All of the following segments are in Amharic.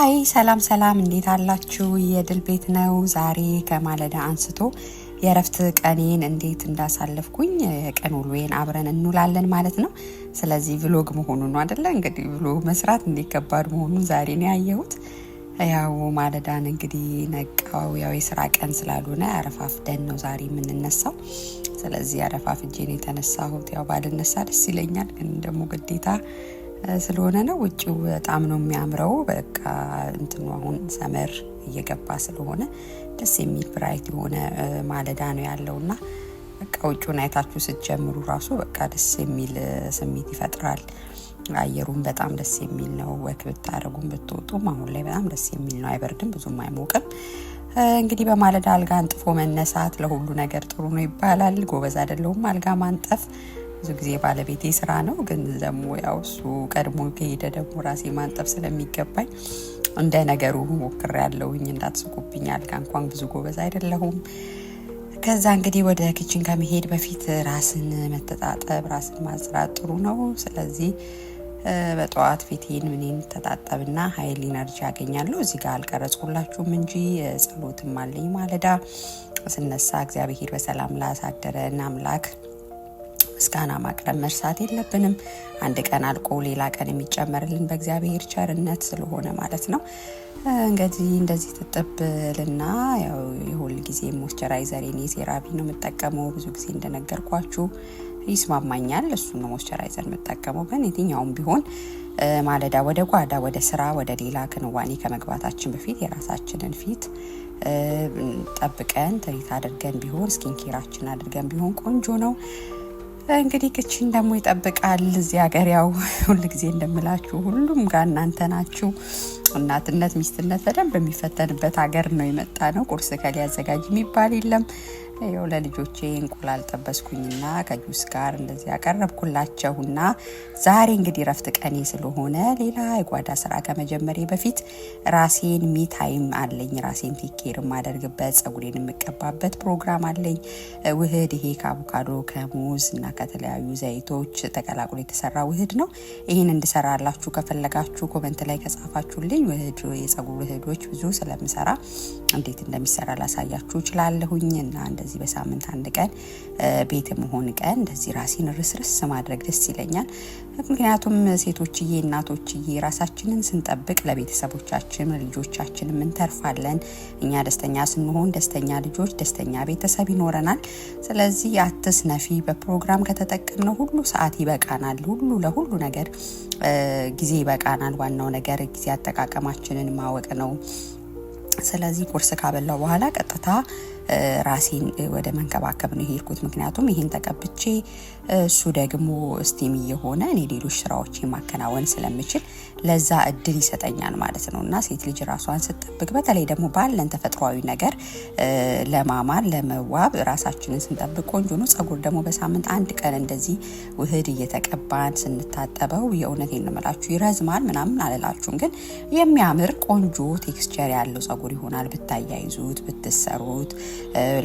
ሀይ ሰላም ሰላም፣ እንዴት አላችሁ? የድል ቤት ነው። ዛሬ ከማለዳ አንስቶ የእረፍት ቀኔን እንዴት እንዳሳለፍኩኝ የቀን ውሎዬን አብረን እንውላለን ማለት ነው። ስለዚህ ቭሎግ መሆኑ ነው አደለ? እንግዲህ ቭሎግ መስራት እንዴት ከባድ መሆኑን ዛሬ ነው ያየሁት። ያው ማለዳን እንግዲህ ነቃው። ያው የስራ ቀን ስላልሆነ አረፋፍደን ነው ዛሬ የምንነሳው። ስለዚህ እጄን የተነሳሁት ያው ባልነሳ ደስ ይለኛል፣ ግን ደግሞ ግዴታ ስለሆነ ነው። ውጭው በጣም ነው የሚያምረው። በቃ እንትኑ አሁን ሰመር እየገባ ስለሆነ ደስ የሚል ብራይት የሆነ ማለዳ ነው ያለውና በቃ ውጭውን አይታችሁ ስትጀምሩ ራሱ በቃ ደስ የሚል ስሜት ይፈጥራል። አየሩም በጣም ደስ የሚል ነው። ወክ ብታደረጉም ብትወጡም አሁን ላይ በጣም ደስ የሚል ነው። አይበርድም፣ ብዙም አይሞቅም። እንግዲህ በማለዳ አልጋ አንጥፎ መነሳት ለሁሉ ነገር ጥሩ ነው ይባላል። ጎበዝ አይደለሁም አልጋ ማንጠፍ ብዙ ጊዜ ባለቤቴ ስራ ነው። ግን ደግሞ ያው እሱ ቀድሞ ከሄደ ደግሞ ራሴ ማንጠብ ስለሚገባኝ እንደ ነገሩ ያለውኝ እንዳትስቁብኝ፣ አልጋ እንኳን ብዙ ጎበዝ አይደለሁም። ከዛ እንግዲህ ወደ ኪችን ከመሄድ በፊት ራስን መተጣጠብ፣ ራስን ማጽራት ጥሩ ነው። ስለዚህ በጠዋት ፊቴን ምኔን ተጣጠብና ሀይል ኢነርጂ ያገኛለሁ። እዚህ ጋር አልቀረጽኩላችሁም እንጂ ጸሎትም አለኝ ማለዳ ስነሳ እግዚአብሔር በሰላም ላሳደረን አምላክ ምስጋና ማቅረብ መርሳት የለብንም። አንድ ቀን አልቆ ሌላ ቀን የሚጨመርልን በእግዚአብሔር ቸርነት ስለሆነ ማለት ነው። እንግዲህ እንደዚህ ትጥብልና የሁል ጊዜ ሞስቸራይዘር ኔ ሴራቪ ነው የምጠቀመው። ብዙ ጊዜ እንደነገርኳችሁ ይስማማኛል። እሱ ነው ሞስቸራይዘር የምጠቀመው። ግን የትኛውም ቢሆን ማለዳ ወደ ጓዳ፣ ወደ ስራ፣ ወደ ሌላ ክንዋኔ ከመግባታችን በፊት የራሳችንን ፊት ጠብቀን ትሪት አድርገን ቢሆን ስኪንኬራችን አድርገን ቢሆን ቆንጆ ነው። እንግዲህ ቅቺን ደግሞ ይጠብቃል። እዚህ ሀገር ያው ሁል ጊዜ እንደምላችሁ ሁሉም ጋር እናንተ ናችሁ። እናትነት ሚስትነት በደንብ የሚፈተንበት ሀገር ነው የመጣ ነው። ቁርስ ከሊ ያዘጋጅ የሚባል የለም። ይኸው ለልጆቼ እንቁላል ጠበስኩኝና ከጁስ ጋር እንደዚህ ያቀረብኩላቸውና ዛሬ እንግዲህ ረፍት ቀኔ ስለሆነ ሌላ የጓዳ ስራ ከመጀመሬ በፊት ራሴን ሚታይም አለኝ። ራሴን ቴኬር የማደርግበት ጸጉሬን የምቀባበት ፕሮግራም አለኝ። ውህድ ይሄ ከአቮካዶ ከሙዝ እና ከተለያዩ ዘይቶች ተቀላቅሎ የተሰራ ውህድ ነው። ይህን እንድሰራላችሁ ከፈለጋችሁ ኮመንት ላይ ከጻፋችሁልኝ ውህድ የጸጉር ውህዶች ብዙ ስለምሰራ እንዴት እንደሚሰራ ላሳያችሁ እችላለሁኝ እና እንደዚህ በሳምንት አንድ ቀን ቤት መሆን ቀን እንደዚህ ራሴን ርስርስ ማድረግ ደስ ይለኛል። ምክንያቱም ሴቶችዬ፣ እናቶችዬ ራሳችንን ስንጠብቅ ለቤተሰቦቻችን ልጆቻችን እንተርፋለን። እኛ ደስተኛ ስንሆን ደስተኛ ልጆች፣ ደስተኛ ቤተሰብ ይኖረናል። ስለዚህ አትስ ነፊ በፕሮግራም ከተጠቀምነው ሁሉ ሰዓት ይበቃናል። ሁሉ ለሁሉ ነገር ጊዜ ይበቃናል። ዋናው ነገር ጊዜ አጠቃቀማችንን ማወቅ ነው። ስለዚህ ቁርስ ካበላው በኋላ ቀጥታ ራሴን ወደ መንከባከብ ነው የሄድኩት። ምክንያቱም ይህን ተቀብቼ እሱ ደግሞ ስቲም እየሆነ እኔ ሌሎች ስራዎች ማከናወን ስለምችል ለዛ እድል ይሰጠኛል ማለት ነው እና ሴት ልጅ ራሷን ስጠብቅ፣ በተለይ ደግሞ ባለን ተፈጥሯዊ ነገር ለማማር ለመዋብ ራሳችንን ስንጠብቅ ቆንጆ ነው። ጸጉር ደግሞ በሳምንት አንድ ቀን እንደዚህ ውህድ እየተቀባን ስንታጠበው የእውነት ነው ይረዝማል ምናምን አልላችሁም፣ ግን የሚያምር ቆንጆ ቴክስቸር ያለው ጸጉር ይሆናል ብታያይዙት ብትሰሩት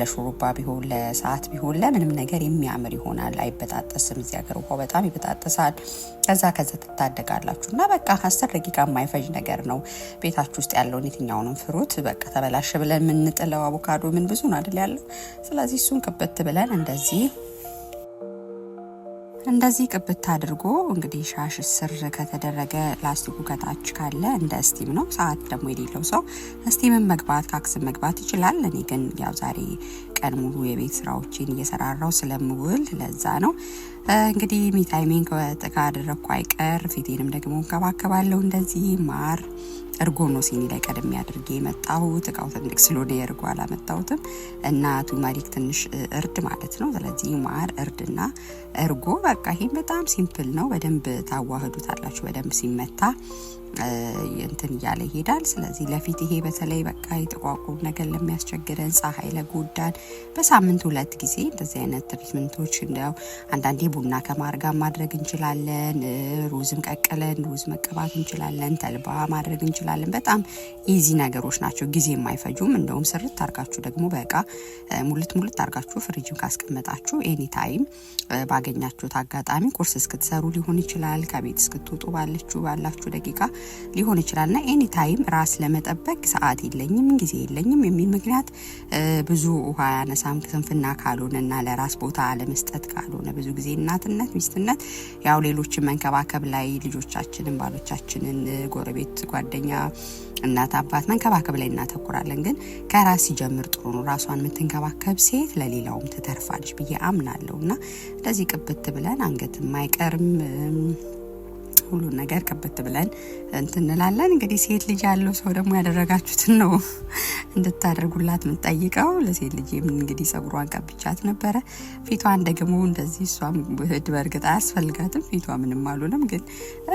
ለሹሩባ ቢሆን ለሰዓት ቢሆን ለምንም ነገር የሚያምር ይሆናል። አይበጣጠስም። እዚህ ሀገር ውሃ በጣም ይበጣጠሳል። ከዛ ከዛ ትታደጋላችሁ እና በቃ አስር ደቂቃ የማይፈጅ ነገር ነው። ቤታችሁ ውስጥ ያለውን የትኛውንም ፍሩት በቃ ተበላሸ ብለን የምንጥለው አቮካዶ ምን ብዙ ነው አይደል ያለው። ስለዚህ እሱን ክብት ብለን እንደዚህ እንደዚህ ቅብት አድርጎ እንግዲህ ሻሽ ስር ከተደረገ ላስቲኩ ከታች ካለ እንደ እስቲም ነው። ሰዓት ደግሞ የሌለው ሰው እስቲምን መግባት ካክስን መግባት ይችላል። እኔ ግን ያው ዛሬ ቀን ሙሉ የቤት ስራዎችን እየሰራራው ስለምውል ለዛ ነው እንግዲህ ሚታይሜን ከወጥ ካደረግኩ አይቀር ፊቴንም ደግሞ እንከባከባለሁ። እንደዚህ ማር እርጎ ነው ሲኒ ላይ ቀደም ያድርጌ የመጣሁት። እቃው ትልቅ ስለሆነ የእርጎ አላመጣሁትም እና ቱርመሪክ ትንሽ እርድ ማለት ነው። ስለዚህ ማር፣ እርድና እርጎ በቃ ይሄን በጣም ሲምፕል ነው። በደንብ ታዋህዱታላችሁ። በደንብ ሲመታ እንትን እያለ ይሄዳል። ስለዚህ ለፊት ይሄ በተለይ በቃ የጥቋቁር ነገር ለሚያስቸግረን፣ ፀሐይ ለጎዳን በሳምንት ሁለት ጊዜ እንደዚህ አይነት ትሪትመንቶች እንደው አንዳንዴ ቡና ከማር ጋር ማድረግ እንችላለን። ሩዝም ቀቅለን ሩዝ መቀባት እንችላለን። ተልባ ማድረግ እንችላለን። በጣም ኢዚ ነገሮች ናቸው፣ ጊዜ የማይፈጁም። እንደውም ስርት አርጋችሁ ደግሞ በቃ ሙልት ሙልት አርጋችሁ ፍሪጅም ካስቀመጣችሁ ኤኒ ታይም ባገኛችሁት አጋጣሚ ቁርስ እስክትሰሩ ሊሆን ይችላል ከቤት እስክትወጡ ባለችሁ ባላችሁ ደቂቃ ሊሆን ይችላል ና ኤኒ ታይም ራስ ለመጠበቅ ሰዓት የለኝም፣ ጊዜ የለኝም የሚል ምክንያት ብዙ ውሃ ያነሳም ስንፍና ካልሆነ ና ለራስ ቦታ አለመስጠት ካልሆነ ብዙ ጊዜ እናትነት፣ ሚስትነት ያው ሌሎችን መንከባከብ ላይ ልጆቻችንን፣ ባሎቻችንን፣ ጎረቤት፣ ጓደኛ፣ እናት፣ አባት መንከባከብ ላይ እናተኩራለን። ግን ከራስ ሲጀምር ጥሩ ነው። ራሷን የምትንከባከብ ሴት ለሌላውም ትተርፋለች ብዬ አምናለሁ እና እንደዚህ ቅብት ብለን አንገትም አይቀርም። ሁሉን ነገር ከበት ብለን እንትንላለን። እንላለን። እንግዲህ ሴት ልጅ ያለው ሰው ደግሞ ያደረጋችሁትን ነው እንድታደርጉላት የምንጠይቀው። ለሴት ልጅ እንግዲህ ጸጉሯን ቀብቻት ነበረ። ፊቷን ደግሞ እንደዚህ እሷም ህድ በእርግጥ አያስፈልጋትም። ፊቷ ምንም አሉንም፣ ግን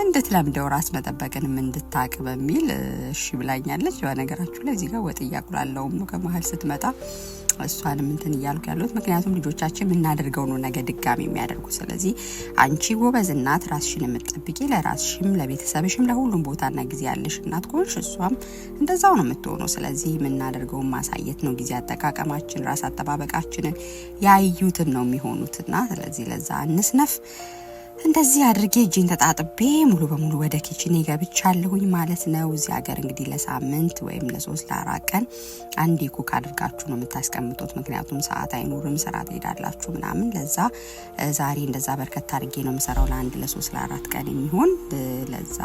እንድትለምደው ራስ መጠበቅንም እንድታቅ በሚል እሺ ብላኛለች። በነገራችሁ ላይ እዚህ ጋር ወጥ እያቁላለውም ነው ከመሀል ስትመጣ እሷንም እንትን እያልኩ ያሉት ምክንያቱም ልጆቻችን የምናደርገው ነው ነገ ድጋሚ የሚያደርጉ። ስለዚህ አንቺ ጎበዝ እናት፣ ራስሽን የምትጠብቂ ለራስሽም ለቤተሰብሽም ለሁሉም ቦታና ጊዜ ያለሽ እናት ከሆንሽ እሷም እንደዛው ነው የምትሆነው። ስለዚህ የምናደርገውን ማሳየት ነው። ጊዜ አጠቃቀማችን ራስ አጠባበቃችንን ያዩትን ነው የሚሆኑትና ስለዚህ ለዛ እንስነፍ። እንደዚህ አድርጌ እጄን ተጣጥቤ ሙሉ በሙሉ ወደ ኪችኔ ገብቻለሁኝ ማለት ነው። እዚህ ሀገር እንግዲህ ለሳምንት ወይም ለሶስት ለአራት ቀን አንድ ኩክ አድርጋችሁ ነው የምታስቀምጡት። ምክንያቱም ሰዓት አይኖርም፣ ስራ ትሄዳላችሁ ምናምን። ለዛ ዛሬ እንደዛ በርከት አድርጌ ነው የምሰራው ለአንድ ለሶስት ለአራት ቀን የሚሆን ለዛ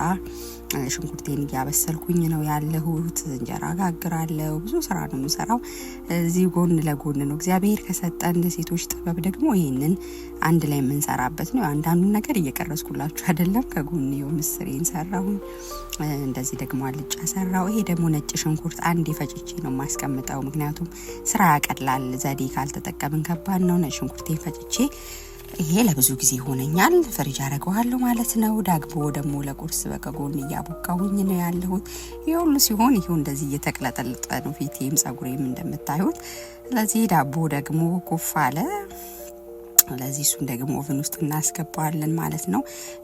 ሽንኩርቴን እያበሰልኩኝ ነው ያለሁት። እንጀራ ጋግራለሁ። ብዙ ስራ ነው የምሰራው እዚህ ጎን ለጎን ነው። እግዚአብሔር ከሰጠን ሴቶች ጥበብ ደግሞ ይህንን አንድ ላይ የምንሰራበት ነው። አንዳንዱን ነገር እየቀረስኩላችሁ አይደለም። ከጎን የው ምስሬን ሰራሁ። እንደዚህ ደግሞ አልጫ ሰራው። ይሄ ደግሞ ነጭ ሽንኩርት አንድ የፈጭቼ ነው የማስቀምጠው። ምክንያቱም ስራ ያቀላል። ዘዴ ካልተጠቀምን ከባድ ነው። ነጭ ሽንኩርቴን ፈጭቼ ይሄ ለብዙ ጊዜ ሆነኛል። ፍሪጅ አረገዋለሁ ማለት ነው። ዳግቦ ደግሞ ለቁርስ በከጎን እያቦካሁኝ ነው ያለሁት። ይህ ሁሉ ሲሆን ይሄው እንደዚህ እየተቅለጠለጠ ነው ፊቴም ጸጉሬም እንደምታዩት። ስለዚህ ዳቦ ደግሞ ኩፍ አለ። ስለዚህ እሱን ደግሞ ኦቨን ውስጥ እናስገባዋለን ማለት ነው።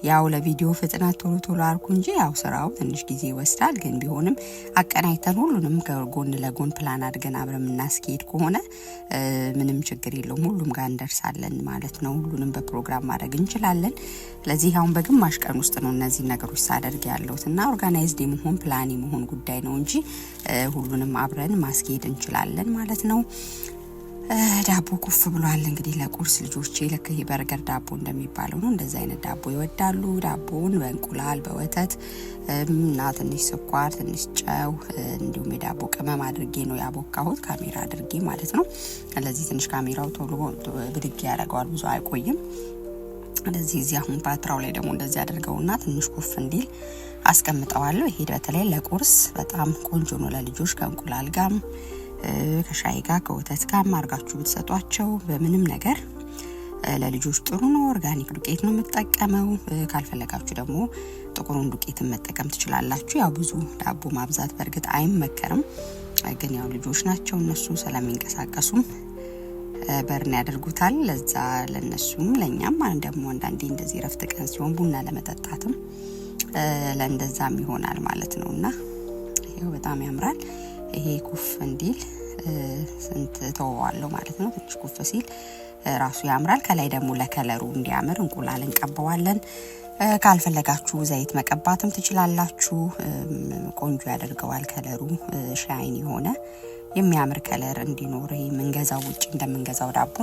ያው ለቪዲዮ ፍጥነት ቶሎ ቶሎ አርኩ እንጂ ያው ስራው ትንሽ ጊዜ ይወስዳል። ግን ቢሆንም አቀናይተን ሁሉንም ከጎን ለጎን ፕላን አድርገን አብረን እናስኬድ ከሆነ ምንም ችግር የለውም። ሁሉም ጋር እንደርሳለን ማለት ነው። ሁሉንም በፕሮግራም ማድረግ እንችላለን። ለዚህ አሁን በግማሽ ቀን ውስጥ ነው እነዚህ ነገሮች ሳደርግ ያለሁት እና ኦርጋናይዝድ የመሆን ፕላን የመሆን ጉዳይ ነው እንጂ ሁሉንም አብረን ማስኬድ እንችላለን ማለት ነው። ዳቦ ኩፍ ብሏል። እንግዲህ ለቁርስ ልጆቼ ልክ በርገር ዳቦ እንደሚባለው ነው። እንደዚህ አይነት ዳቦ ይወዳሉ። ዳቦውን በእንቁላል በወተት እና ትንሽ ስኳር፣ ትንሽ ጨው እንዲሁም የዳቦ ቅመም አድርጌ ነው ያቦካሁት፣ ካሜራ አድርጌ ማለት ነው። ለዚህ ትንሽ ካሜራው ቶሎ ብድግ ያደርገዋል፣ ብዙ አይቆይም። እንደዚህ እዚህ አሁን ፓትራው ላይ ደግሞ እንደዚህ አድርገውና ትንሽ ኩፍ እንዲል አስቀምጠዋለሁ። ይሄ በተለይ ለቁርስ በጣም ቆንጆ ነው ለልጆች ከእንቁላል ጋም ከሻይ ጋር ከወተት ጋር አድርጋችሁ ብትሰጧቸው በምንም ነገር ለልጆች ጥሩ ነው። ኦርጋኒክ ዱቄት ነው የምጠቀመው። ካልፈለጋችሁ ደግሞ ጥቁሩን ዱቄትን መጠቀም ትችላላችሁ። ያው ብዙ ዳቦ ማብዛት በእርግጥ አይመከርም፣ ግን ያው ልጆች ናቸው እነሱ ስለሚንቀሳቀሱም በርን ያደርጉታል። ለዛ ለነሱም ለእኛም ደግሞ አንዳንዴ እንደዚህ ረፍት ቀን ሲሆን ቡና ለመጠጣትም ለእንደዛም ይሆናል ማለት ነው እና ይኸው በጣም ያምራል። ይሄ ኩፍ እንዲል ስንት እተወዋለሁ ማለት ነው። ትንሽ ኩፍ ሲል ራሱ ያምራል። ከላይ ደግሞ ለከለሩ እንዲያምር እንቁላል እንቀበዋለን። ካልፈለጋችሁ ዘይት መቀባትም ትችላላችሁ። ቆንጆ ያደርገዋል። ከለሩ ሻይን የሆነ የሚያምር ከለር እንዲኖር ይሄ የምንገዛው ውጭ እንደምንገዛው ዳቦ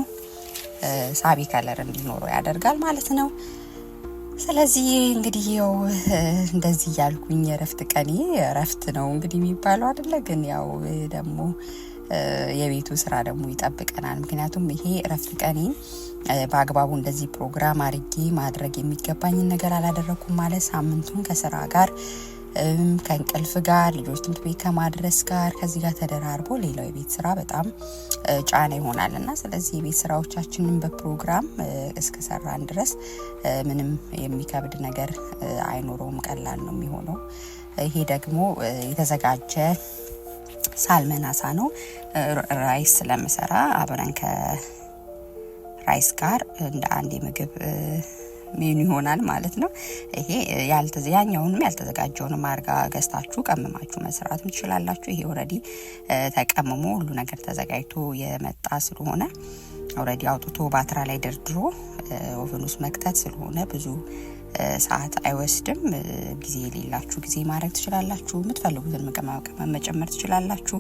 ሳቢ ከለር እንዲኖረው ያደርጋል ማለት ነው። ስለዚህ እንግዲህ ያው እንደዚህ እያልኩኝ የእረፍት ቀኔ እረፍት ነው እንግዲህ የሚባለው አደለ? ግን ያው ደግሞ የቤቱ ስራ ደግሞ ይጠብቀናል። ምክንያቱም ይሄ እረፍት ቀኔ በአግባቡ እንደዚህ ፕሮግራም አድርጌ ማድረግ የሚገባኝን ነገር አላደረኩም ማለት ሳምንቱን ከስራ ጋር ከእንቅልፍ ጋር ልጆች ትምህርት ቤት ከማድረስ ጋር ከዚህ ጋር ተደራርቦ ሌላው የቤት ስራ በጣም ጫና ይሆናል እና ስለዚህ የቤት ስራዎቻችንን በፕሮግራም እስከሰራን ድረስ ምንም የሚከብድ ነገር አይኖረውም፣ ቀላል ነው የሚሆነው። ይሄ ደግሞ የተዘጋጀ ሳልመናሳ ነው። ራይስ ስለምሰራ አብረን ከራይስ ጋር እንደ አንድ የምግብ ሜኑ ይሆናል ማለት ነው። ይሄ ያልተዘ ያኛውንም ያልተዘጋጀውንም አርጋ ገዝታችሁ ቀምማችሁ መስራትም ትችላላችሁ። ይሄ ኦልሬዲ ተቀምሞ ሁሉ ነገር ተዘጋጅቶ የመጣ ስለሆነ ኦልሬዲ አውጥቶ ባትራ ላይ ደርድሮ ኦቨን ውስጥ መክተት ስለሆነ ብዙ ሰዓት አይወስድም። ጊዜ የሌላችሁ ጊዜ ማድረግ ትችላላችሁ። የምትፈልጉትን ቅመማ ቅመም መጨመር ትችላላችሁ።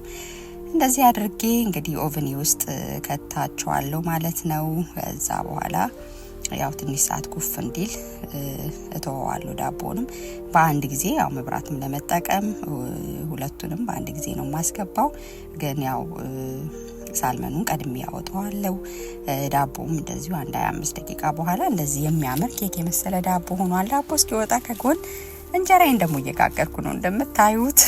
እንደዚህ አድርጌ እንግዲህ ኦቨኔ ውስጥ ከታቸዋለሁ ማለት ነው። ከዛ በኋላ ያው ትንሽ ሰዓት ኩፍ እንዲል እተወዋለሁ። ዳቦንም በአንድ ጊዜ ያው መብራትም ለመጠቀም ሁለቱንም በአንድ ጊዜ ነው የማስገባው። ግን ያው ሳልመኑን ቀድሜ ያወጠዋለው። ዳቦም እንደዚሁ አንድ ሀያ አምስት ደቂቃ በኋላ እንደዚህ የሚያምር ኬክ የመሰለ ዳቦ ሆኗል። ዳቦ እስኪወጣ ከጎን እንጀራዬን ደግሞ እየጋገርኩ ነው እንደምታዩት።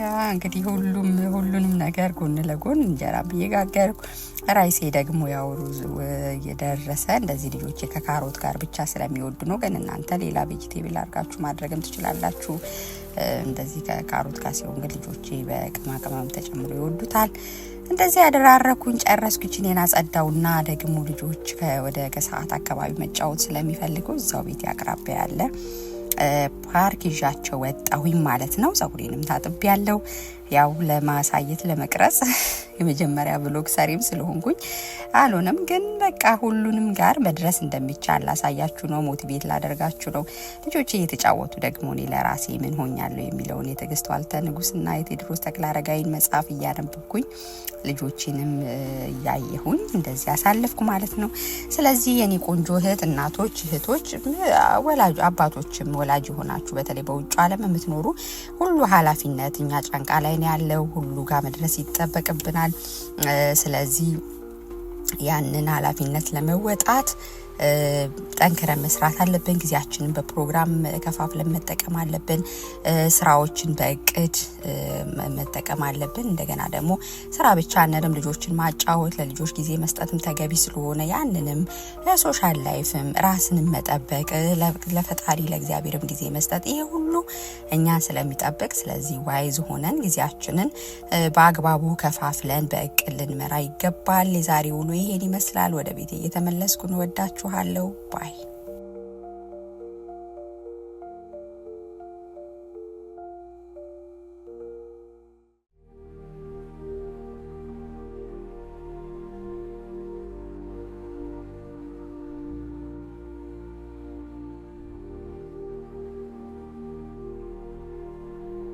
ያ እንግዲህ ሁሉም ሁሉንም ነገር ጎን ለጎን እንጀራ እየጋገርኩ ራይሴ ደግሞ ያው ሩዝ የደረሰ እንደዚህ ልጆች ከካሮት ጋር ብቻ ስለሚወዱ ነው። ግን እናንተ ሌላ ቬጅቴብል አድርጋችሁ ማድረግም ትችላላችሁ። እንደዚህ ከካሮት ጋር ሲሆን ግን ልጆቼ በቅመማ ቅመም ተጨምሮ ይወዱታል። እንደዚህ ያደራረኩኝ ጨረስኩ። ኪችኔን አጸዳውና ደግሞ ልጆች ወደ ከሰዓት አካባቢ መጫወት ስለሚፈልጉ እዛው ቤት አቅራቢያ ያለ ፓርክ ይዣቸው ወጣሁኝ ማለት ነው። ጸጉሬንም ታጥቤ ያለው ያው ለማሳየት ለመቅረጽ የመጀመሪያ ብሎግ ሰሪም ስለሆንኩኝ አልሆነም። ግን በቃ ሁሉንም ጋር መድረስ እንደሚቻል ላሳያችሁ ነው፣ ሞቲቬት ላደርጋችሁ ነው። ልጆች እየተጫወቱ ደግሞ እኔ ለራሴ ምን ሆኛለሁ የሚለውን የትዕግስት ዋልተ ንጉስና የቴድሮስ ተክለ አረጋይን መጽሐፍ እያነበብኩኝ ልጆችንም እያየሁኝ እንደዚህ አሳለፍኩ ማለት ነው። ስለዚህ የኔ ቆንጆ እህት እናቶች፣ እህቶች፣ ወላጅ አባቶችም ወላጅ የሆናችሁ በተለይ በውጭ ዓለም የምትኖሩ ሁሉ ኃላፊነት እኛ ጫንቃ ላይ ነው ያለው። ሁሉ ጋር መድረስ ይጠበቅብናል። ስለዚህ ያንን ኃላፊነት ለመወጣት ጠንክረን መስራት አለብን። ጊዜያችንን በፕሮግራም ከፋፍለን መጠቀም አለብን። ስራዎችን በእቅድ መጠቀም አለብን። እንደገና ደግሞ ስራ ብቻ አንልም። ልጆችን ማጫወት፣ ለልጆች ጊዜ መስጠትም ተገቢ ስለሆነ ያንንም ለሶሻል ላይፍም ራስንም መጠበቅ፣ ለፈጣሪ ለእግዚአብሔርም ጊዜ መስጠት፣ ይሄ ሁሉ እኛን ስለሚጠብቅ ስለዚህ ዋይዝ ሆነን ጊዜያችንን በአግባቡ ከፋፍለን በእቅድ ልንመራ ይገባል። የዛሬ ውሎ ይሄን ይመስላል። ወደ ቤት እየተመለስኩ እንወዳችሁ ባለው ባይ